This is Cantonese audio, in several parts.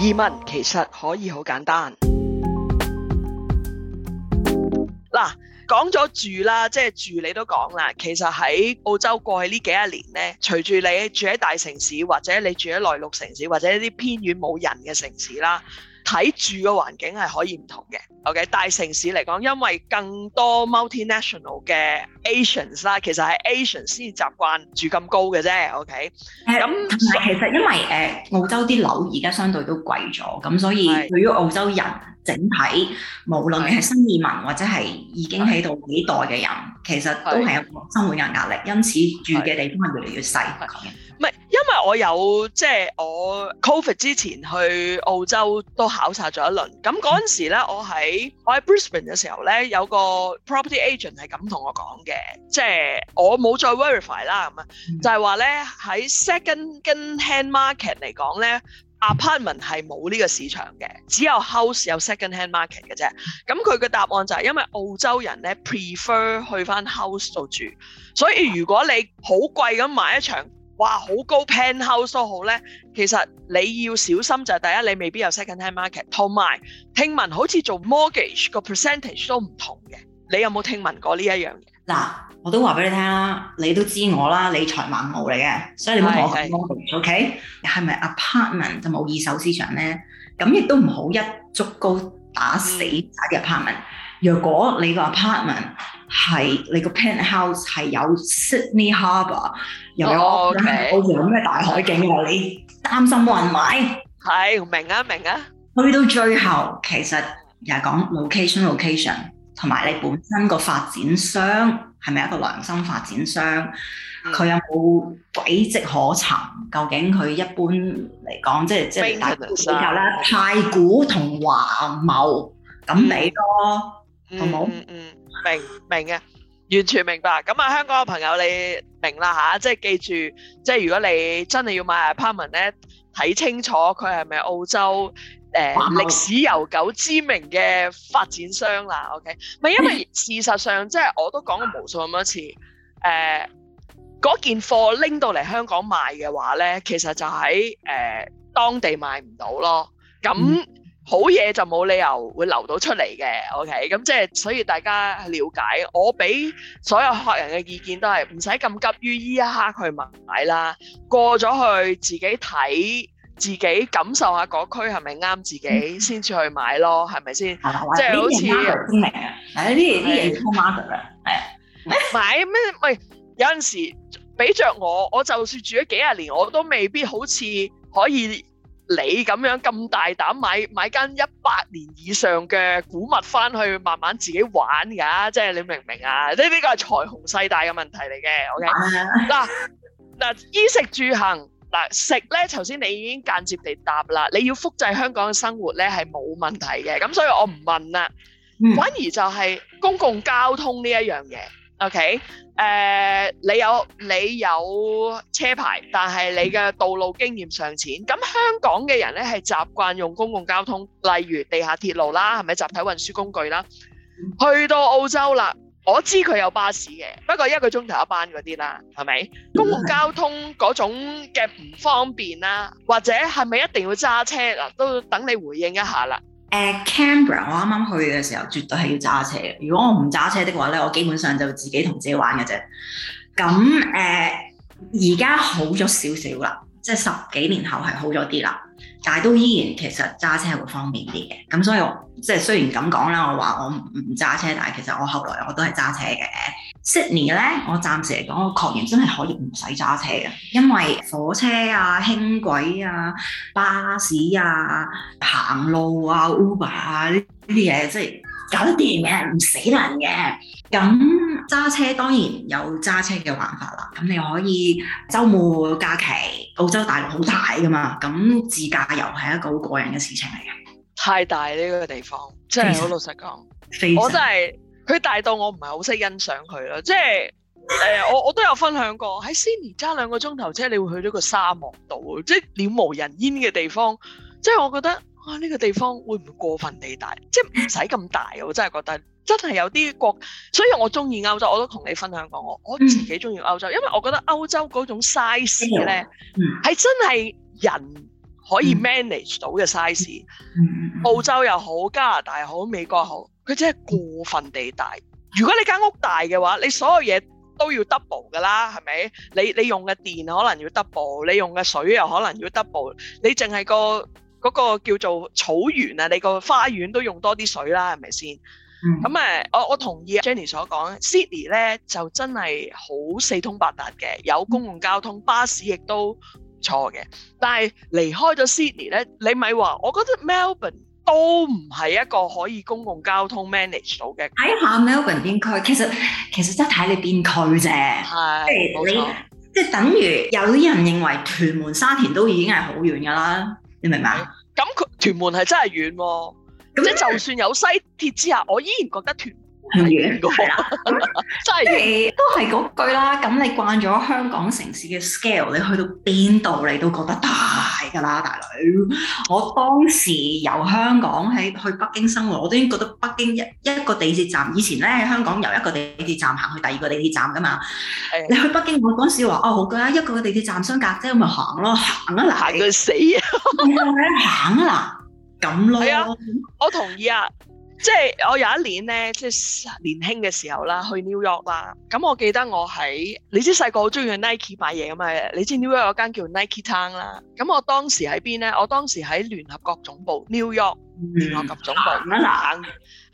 移民其實可以好簡單。嗱，講咗住啦，即係住你都講啦。其實喺澳洲過去呢幾十年呢，隨住你住喺大城市，或者你住喺內陸城市，或者一啲偏遠冇人嘅城市啦。喺住嘅環境係可以唔同嘅，OK？大城市嚟講，因為更多 multinational 嘅 Asians 啦，其實係 Asians 先習慣住咁高嘅啫，OK？咁同埋其實因為誒、呃、澳洲啲樓而家相對都貴咗，咁所以對於澳洲人整體，無論你係新移民或者係已經喺度幾代嘅人，其實都係一個生活嘅壓力，因此住嘅地方係越嚟越細。是是唔係，因為我有即係我 COVID 之前去澳洲都考察咗一輪。咁嗰陣時咧，我喺喺 Brisbane 嘅時候咧，有個 property agent 係咁同我講嘅，即係我冇再 verify 啦。咁啊，就係話咧喺 second hand market 嚟講咧，apartment 係冇呢個市場嘅，只有 house 有 second hand market 嘅啫。咁佢嘅答案就係因為澳洲人咧 prefer 去返 house 度住，所以如果你好貴咁買一場。哇，很高 house 好高 penthouse 都好咧，其實你要小心就係第一，你未必有 second hand market。同埋聽聞好似做 mortgage 個 percentage 都唔同嘅，你有冇聽聞過呢一樣嘢？嗱，我都話俾你聽啦，你都知我啦，理財盲嚟嘅，所以你唔好同我講 O K，係咪 apartment 就冇二手市場咧？咁亦都唔好一竹篙打死打嘅 apartment。若、嗯、果你個 apartment 係你個 penthouse 係有 Sydney Harbour，又有，oh, okay. 有咩大海景嘅話，你擔心冇人買，係、oh, okay. hey, 明啊明啊。去到最後，其實又係講 location，location，同埋你本身個發展商係咪一個良心發展商，佢、mm -hmm. 有冇軌跡可尋？究竟佢一般嚟講，即係即係大比較啦，太古同華茂咁比咯，mm -hmm. 好冇？Mm -hmm. 明明嘅，完全明白。咁啊，香港嘅朋友你明啦吓、啊，即係記住，即係如果你真係要買 apartment 咧，睇清楚佢係咪澳洲誒歷、呃、史悠久知名嘅發展商啦、啊。OK，唔、嗯、係因為事實上，即係我都講過無數咁多次，誒、呃、嗰件貨拎到嚟香港賣嘅話咧，其實就喺、是、誒、呃、當地買唔到咯。咁好嘢就冇理由會流到出嚟嘅，OK？咁即係所以大家瞭解，我俾所有客人嘅意見都係唔使咁急於依一刻去買啦。過咗去自己睇，自己感受下嗰區係咪啱自己先至去買咯，係咪先？即係好似啲人孖腳啲名，係啊啲啲人拖孖腳啊，係買咩？喂，有陣時俾著我，我就算住咗幾十年，我都未必好似可以。你咁樣咁大膽買買間一,一百年以上嘅古物翻去慢慢自己玩㗎，即係你明唔明啊？呢呢個係財雄勢大嘅問題嚟嘅。O K。嗱嗱，衣、啊、食住行嗱、啊、食咧，頭先你已經間接地答啦，你要複製香港嘅生活咧係冇問題嘅，咁所以我唔問啦。反而就係公共交通呢一樣嘢。OK，誒，你有你有車牌，但係你嘅道路經驗尚淺。咁香港嘅人呢係習慣用公共交通，例如地下鐵路啦，係咪集體運輸工具啦？去到澳洲啦，我知佢有巴士嘅，不過一個鐘頭一班嗰啲啦，係咪公共交通嗰種嘅唔方便啦？或者係咪一定要揸車嗱？都等你回應一下啦。誒 Canberra 我啱啱去嘅時候，絕對係要揸車嘅。如果我唔揸車的話咧，我基本上就自己同自己玩嘅啫。咁誒，而、呃、家好咗少少啦。即係十幾年後係好咗啲啦，但係都依然其實揸車會方便啲嘅。咁所以我即係雖然咁講啦，我話我唔揸車，但係其實我後來我都係揸車嘅。Sydney 咧，我暫時嚟講，我確然真係可以唔使揸車嘅，因為火車啊、輕軌啊、巴士啊、行路啊、Uber 啊呢啲嘢，即係搞得掂嘅，唔死人嘅。咁揸車當然有揸車嘅玩法啦。咁你可以週末假期。澳洲大陸好大㗎嘛，咁自駕遊係一個好個人嘅事情嚟嘅。太大呢個地方，即係好老實講，我真係佢大到我唔係好識欣賞佢咯。即係誒，我我都有分享過，喺悉尼揸兩個鐘頭車，你會去到個沙漠度，即係渺無人煙嘅地方。即係我覺得啊，呢個地方會唔會過分地大？即係唔使咁大，我真係覺得。真係有啲國，所以我中意歐洲，我都同你分享過。我我自己中意歐洲、嗯，因為我覺得歐洲嗰種 size 咧，係、嗯嗯、真係人可以 manage 到嘅 size、嗯。澳洲又好，加拿大又好，美國又好，佢真係過分地大。如果你間屋大嘅話，你所有嘢都要 double 噶啦，係咪？你你用嘅電可能要 double，你用嘅水又可能要 double 你。你淨係個嗰個叫做草原啊，你個花園都用多啲水啦，係咪先？咁、嗯、誒，我我同意 Jenny 所講，Sydney 咧就真係好四通八達嘅，有公共交通巴士亦都唔錯嘅。但係離開咗 Sydney 咧，你咪話，我覺得 Melbourne 都唔係一個可以公共交通 manage 到嘅。睇下 Melbourne 那邊區，其實其實真係睇你邊區啫。係冇錯，即係、就是、等於有啲人認為屯門沙田都已經係好遠㗎啦，你明唔明？咁、嗯、佢屯門係真係遠喎。咁即就算有西鐵之下，我依然覺得團體的是的。係 啦，即係都係嗰句啦。咁你慣咗香港城市嘅 scale，你去到邊度你都覺得大㗎啦，大佬，我當時由香港喺去北京生活，我都已經覺得北京一一個地鐵站。以前咧，香港由一個地鐵站行去第二個地鐵站㗎嘛。你去北京，我嗰陣時話哦，好㗎，一個地鐵站相隔啫，我咪行咯，行啊嚟。行個死啊！行啊啦。 咁咯，係啊，我同意啊。即係我有一年咧，即係年輕嘅時候啦，去 New York 啦。咁我記得我喺，你知細個好中意去 Nike 買嘢嘅嘛？你知 New York 有間叫 Nike Town 啦。咁我當時喺邊咧？我當時喺聯合國總部 New York 聯合國總部。咁，嗯，啊，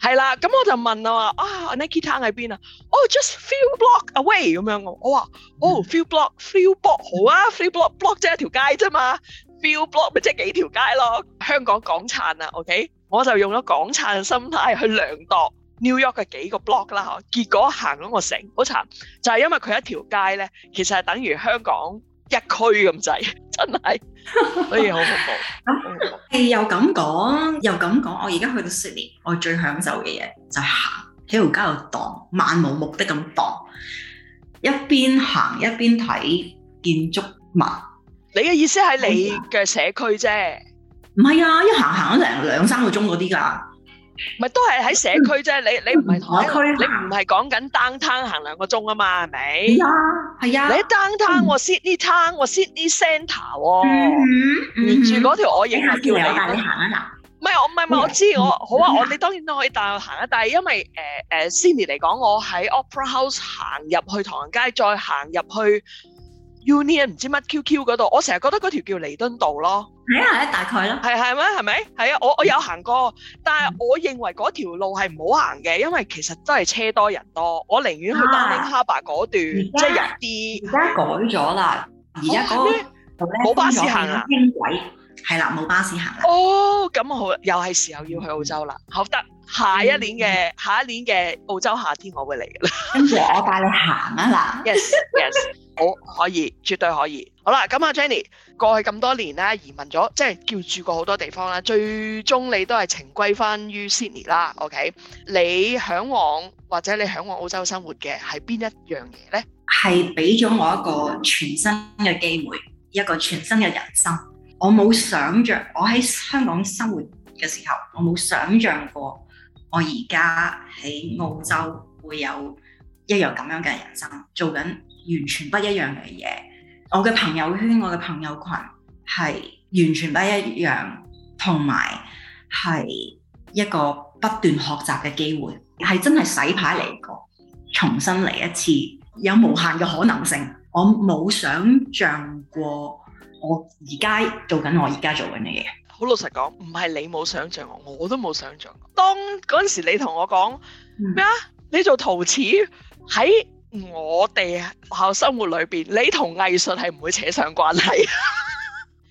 係啦，啊。咁我就問我話，啊 Nike Town 喺邊啊？哦，just few block away 咁樣。我我話，oh few block few block 好啊，few block block 即係一條街啫嘛。Feel block 咪即係幾條街咯，香港港產啊，OK？我就用咗港產心態去量度 New York 嘅幾個 block 啦，嗬。結果行咗個城，好慘，就係因為佢一條街咧，其實係等於香港一區咁滯，真係，哎呀好恐怖。咁又咁講，又咁講，我而家去到 Sydney，我最享受嘅嘢就係行喺條街度蕩，漫無目的咁蕩，一邊行一邊睇建築物。你嘅意思係你嘅社區啫，唔係啊！一行行咗成兩,兩三個鐘嗰啲噶，咪都係喺社區啫、嗯。你你唔係同區，你唔係講緊 Downtown 行兩個鐘啊嘛，係咪？係啊，係啊。你 Downtown 喎 City town 喎 City Centre 喎，沿住嗰條我影下叫你，帶你行一行。唔係我唔係唔係，我知我好啊。我、嗯、你當然都可以帶我行啊，但係因為誒誒 Sydney 嚟講，我喺 Opera House 行入去唐人街，再行入去。Union 唔知乜 QQ 嗰度，我成日覺得嗰條叫彌敦道咯。係啊，大概咯。係係咩？係咪？係啊，我我有行過，但係我認為嗰條路係唔好行嘅，因為其實都係車多人多。我寧願去丹丁哈巴嗰段，啊、即係入啲。而家改咗啦，而家嗰個冇巴士行啊。係啦，冇巴士行啦。哦，咁好又係時候要去澳洲啦。好得，下一年嘅，嗯、下一年嘅澳洲夏天我會嚟噶啦。跟住我帶你行啊啦。 Yes yes，好、 哦、可以，絕對可以。好啦，咁，嗯、阿 Jenny 過去咁多年咧，移民咗，即係叫住過好多地方啦。最終你都係情歸翻於 Sydney 啦。OK，你向往或者你向往澳洲生活嘅係邊一樣嘢咧？係俾咗我一個全新嘅機會，一個全新嘅人生。我冇想象，我喺香港生活嘅時候，我冇想象過我而家喺澳洲會有一樣咁樣嘅人生，做緊完全不一樣嘅嘢。我嘅朋友圈，我嘅朋友群係完全不一樣，同埋係一個不斷學習嘅機會，係真係洗牌嚟過，重新嚟一次，有無限嘅可能性。我冇想象過。我而家做緊，我而家做緊嘅嘢。好老實講，唔係你冇想象，我我都冇想象。當嗰陣時你，你同我講咩啊？你做陶瓷喺我哋學校生活裏面，你同藝術係唔會扯上關係。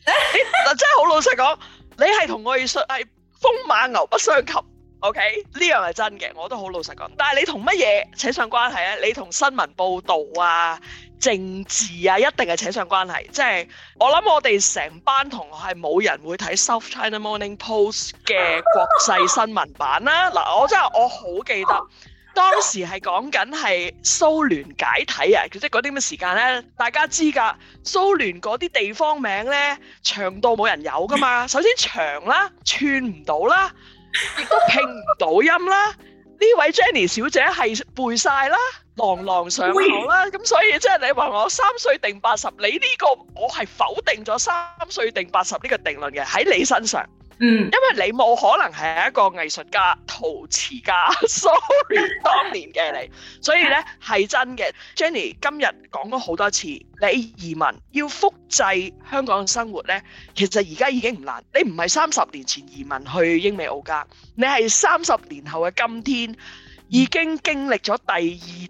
嗱， 真係好老實講，你係同藝術係風馬牛不相及。OK，呢樣係真嘅，我都好老實講。但係你同乜嘢扯上關係咧？你同新聞報導啊、政治啊，一定係扯上關係。即係我諗，我哋成班同學係冇人會睇《South China Morning Post》嘅國際新聞版啦。嗱， 我真係我好記得當時係講緊係蘇聯解體啊！即嗰啲咁嘅時間呢，大家知㗎。蘇聯嗰啲地方名呢，長到冇人有㗎嘛。首先長啦，串唔到啦。亦都拼唔到音啦，呢 位 Jenny 小姐係背晒啦，朗朗上口啦，咁所以即係你話我三歲定八十，你呢個我係否定咗三歲定八十呢個定論嘅喺你身上。嗯，因為你冇可能係一個藝術家、陶瓷家，sorry 當年嘅你，所以呢，係真嘅。Jenny 今日講咗好多次，你移民要複製香港嘅生活呢，其實而家已經唔難。你唔係三十年前移民去英美澳加，你係三十年後嘅今天，已經經歷咗第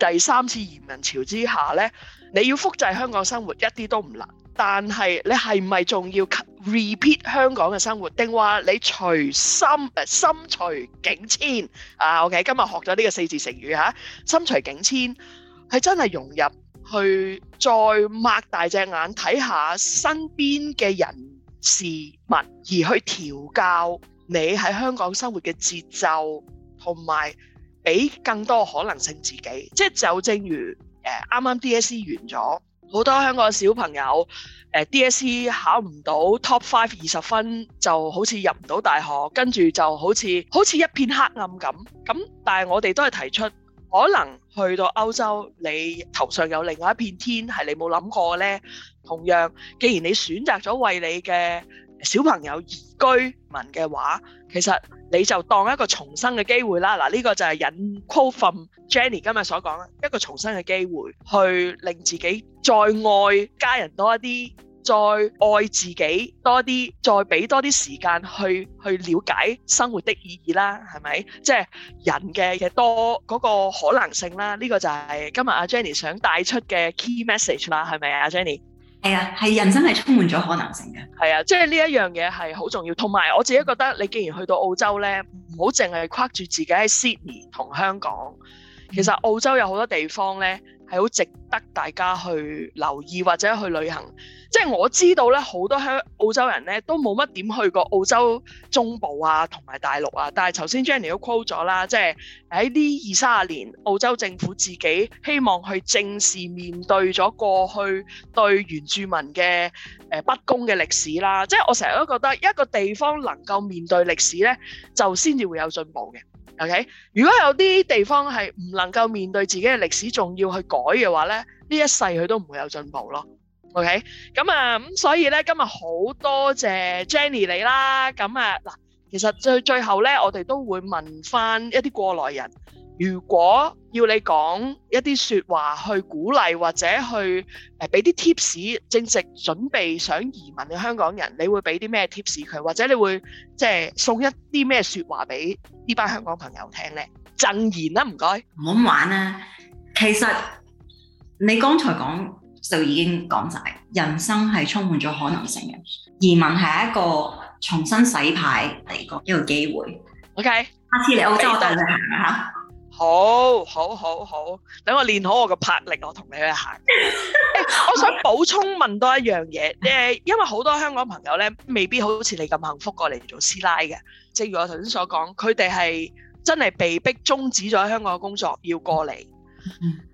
二、第三次移民潮之下呢，你要複製香港生活一啲都唔難。但係你係唔係仲要 repeat 香港嘅生活，定話你隨心誒，心隨境遷啊？OK，今日學咗呢個四字成語吓，心隨境遷係真係融入去，再擘大隻眼睇下身邊嘅人事物，而去調教你喺香港生活嘅節奏，同埋俾更多可能性自己。即係就正如誒，啱啱 DSE 完咗。好多香港小朋友，uh，DSE 考唔到 Top Five 二十分，就好似入唔到大學，跟住就好似好似一片黑暗咁。咁但係我哋都係提出，可能去到歐洲，你頭上有另外一片天，係你冇諗過咧。同樣，既然你選擇咗為你嘅小朋友移居民嘅話，其實你就當一個重生嘅機會啦。嗱，呢個就係引 quote from Jenny 今日所講啦，一個重生嘅機會，去令自己再愛家人多一啲，再愛自己多一啲，再俾多啲時間去去了解生活的意義啦，係咪？即係人嘅嘅多嗰、嗰個可能性啦。呢、呢個就係今日阿、啊、Jenny 想帶出嘅 key message 啦，係咪啊，Jenny？係啊，係人生係充滿咗可能性嘅。係啊，即係呢一樣嘢係好重要。同埋我自己覺得，你既然去到澳洲咧，唔好淨係框住自己喺 Sydney 同香港，嗯。其實澳洲有好多地方咧。係好值得大家去留意或者去旅行，即係我知道咧，好多香澳洲人咧都冇乜點去過澳洲中部啊同埋大陸啊。但係頭先 Jenny 都 quote 咗啦，即係喺呢二三十年，澳洲政府自己希望去正視面對咗過去對原住民嘅、呃、不公嘅歷史啦。即係我成日都覺得一個地方能夠面對歷史咧，就先至會有進步嘅。O.K. 如果有啲地方係唔能夠面對自己嘅歷史，仲要去改嘅話咧，呢一世佢都唔會有進步咯。O.K. 咁、嗯、啊，咁所以咧，今日好多謝 Jenny 你啦。咁啊，嗱，其實最最後咧，我哋都會問翻一啲過來人。如果要你講一啲說話去鼓勵或者去誒俾啲 tips，正值準備想移民嘅香港人，你會俾啲咩 tips 佢，或者你會即係送一啲咩說話俾呢班香港朋友聽呢？贈言啦，唔該。唔好玩啦、啊，其實你剛才講就已經講晒，人生係充滿咗可能性嘅，移民係一個重新洗牌嚟講一個機會。OK，下次嚟澳洲我帶你行下。好好好好，等我練好我個魄力，我同你去行、 欸。我想補充問多一樣嘢，誒、呃，因為好多香港朋友咧，未必好似你咁幸福過嚟做師奶嘅。正如我頭先所講，佢哋係真係被逼中止咗香港嘅工作，要過嚟。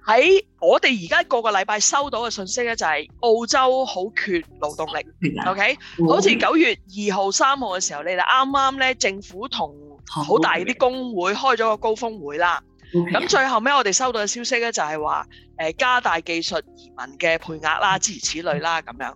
喺 我哋而家個個禮拜收到嘅信息咧、就是，就係澳洲好缺勞動力。O、okay? K，、嗯、好似九月二號、三號嘅時候，你哋啱啱咧政府同好大啲工會開咗個高峰會啦。咁、嗯、最後尾我哋收到嘅消息咧，就係話誒加大技術移民嘅配額啦，諸如此類啦咁樣。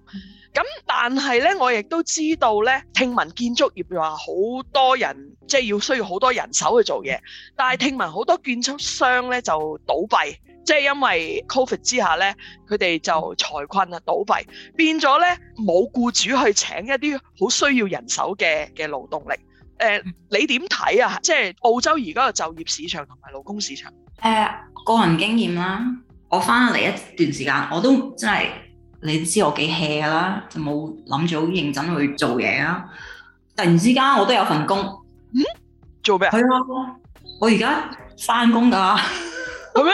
咁但係咧，我亦都知道咧，聽聞建築業話好多人即係要需要好多人手去做嘢，但係聽聞好多建築商咧就倒閉，即、就、係、是、因為 Covid 之下咧，佢哋就財困啊，倒閉，變咗咧冇僱主去請一啲好需要人手嘅嘅勞動力。誒、呃，你點睇啊？即係澳洲而家嘅就業市場同埋勞工市場。誒、呃，個人經驗啦。我翻嚟一段時間，我都真係你知我幾 hea 啦，就冇諗住好認真去做嘢啊。突然之間，我都有份工。嗯？做咩啊？係啊，我而家翻工㗎。咁咩？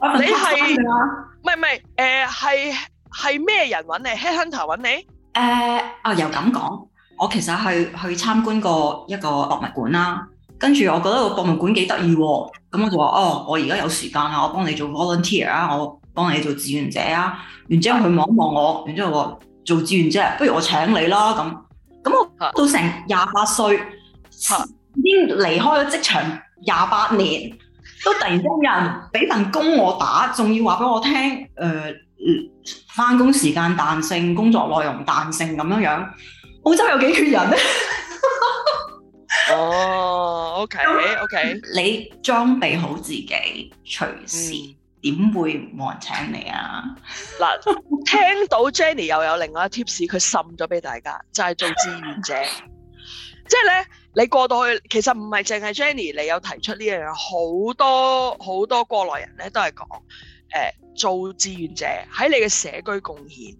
你係唔係唔係？誒，係係咩人揾你？Headhunter 揾你。誒啊！又咁講。我其實係去參觀過一個博物館啦，跟住我覺得個博物館幾得意喎，咁我就話：哦，我而家有時間啦，我幫你做 volunteer 啊，我幫你做志願者啊。然之後佢望一望我，然之後我話做志願者，不如我請你啦咁。咁我到成廿八歲已經離開咗職場廿八年，都突然間有人俾份工我打，仲要話俾我聽，誒、呃，翻工時間彈性，工作內容彈性咁樣樣。澳洲有幾缺人咧？哦、 oh,，OK OK，你裝備好自己，隨時點會冇人請你啊？嗱，聽到 Jenny 又有另外一 tips，佢滲咗俾大家，就係、是、做志願者。即係咧，你過到去，其實唔係淨係 Jenny 你有提出呢樣，好多好多過來人咧都係講，誒、欸，做志願者喺你嘅社區貢獻，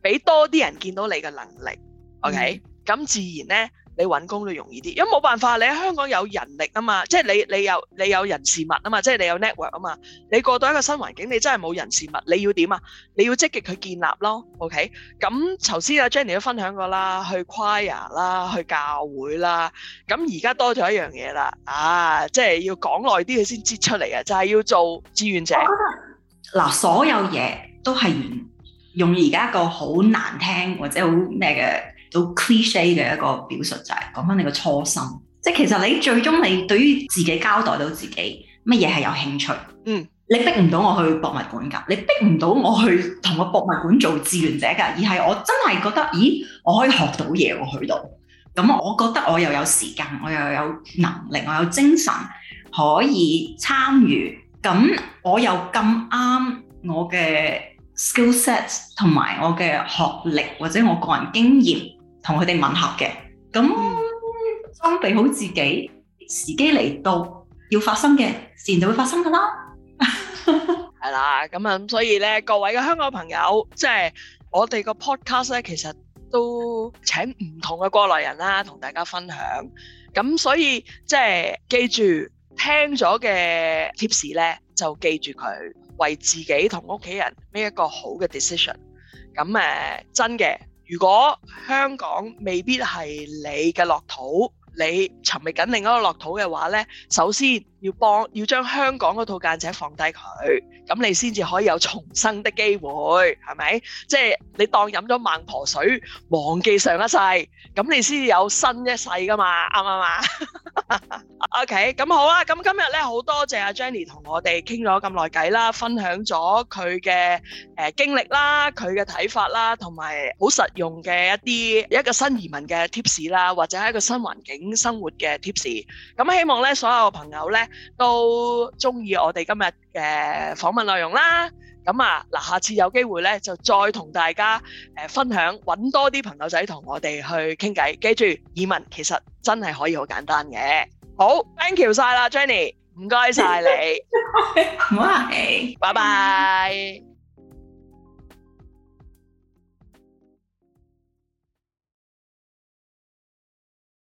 俾多啲人見到你嘅能力。OK，咁自然咧，你揾工都容易啲，因為冇辦法，你喺香港有人力啊嘛，即係你你有你有人事物啊嘛，即係你有 network 啊嘛。你過到一個新環境，你真係冇人事物，你要點啊？你要積極去建立咯。OK，咁頭先阿 Jenny 都分享過啦，去 choir 啦，去教會啦。咁而家多咗一樣嘢啦，啊，即係要講耐啲佢先知出嚟啊，就係、是、要做志願者。嗱，所有嘢都係用而家一個好難聽或者好咩嘅。到 cliche 嘅一個表述就係講翻你個初心，即係其實你最終你對於自己交代到自己乜嘢係有興趣，嗯，你逼唔到我去博物館㗎，你逼唔到我去同個博物館做志願者㗎，而係我真係覺得，咦，我可以學到嘢喎去到，咁我覺得我又有時間，我又有能力，我有精神可以參與，咁我又咁啱我嘅 skill sets 同埋我嘅學歷或者我個人經驗。同佢哋吻合嘅，咁裝備好自己，時機嚟到要發生嘅，自然就會發生噶啦，係 啦，咁啊，所以咧，各位嘅香港朋友，即係我哋個 podcast 咧，其實都請唔同嘅過來人啦，同大家分享。咁所以即係記住聽咗嘅 tips 咧，就記住佢，為自己同屋企人 make 一個好嘅 decision。咁誒，真嘅。如果香港未必係你嘅樂土，你尋覓緊另一個樂土嘅話呢，首先。要幫要將香港嗰套間者放低佢，咁你先至可以有重生嘅機會，係咪？即係你當飲咗孟婆水，忘記上一世，咁你先至有新一世噶嘛，啱唔啱啊？OK，咁好啊！咁今日咧好多謝阿 Jenny 同我哋傾咗咁耐偈啦，分享咗佢嘅誒經歷啦，佢嘅睇法啦，同埋好實用嘅一啲一個新移民嘅 tips 啦，或者係一個新環境生活嘅 tips。咁希望咧所有朋友咧～都中意我哋今日誒訪問內容啦，咁啊嗱，下次有機會咧就再同大家誒分享，揾多啲朋友仔同我哋去傾偈。記住，移民其實真係可以好簡單嘅。好，thank you 曬啦，Jenny，唔該曬你。好啊，拜拜。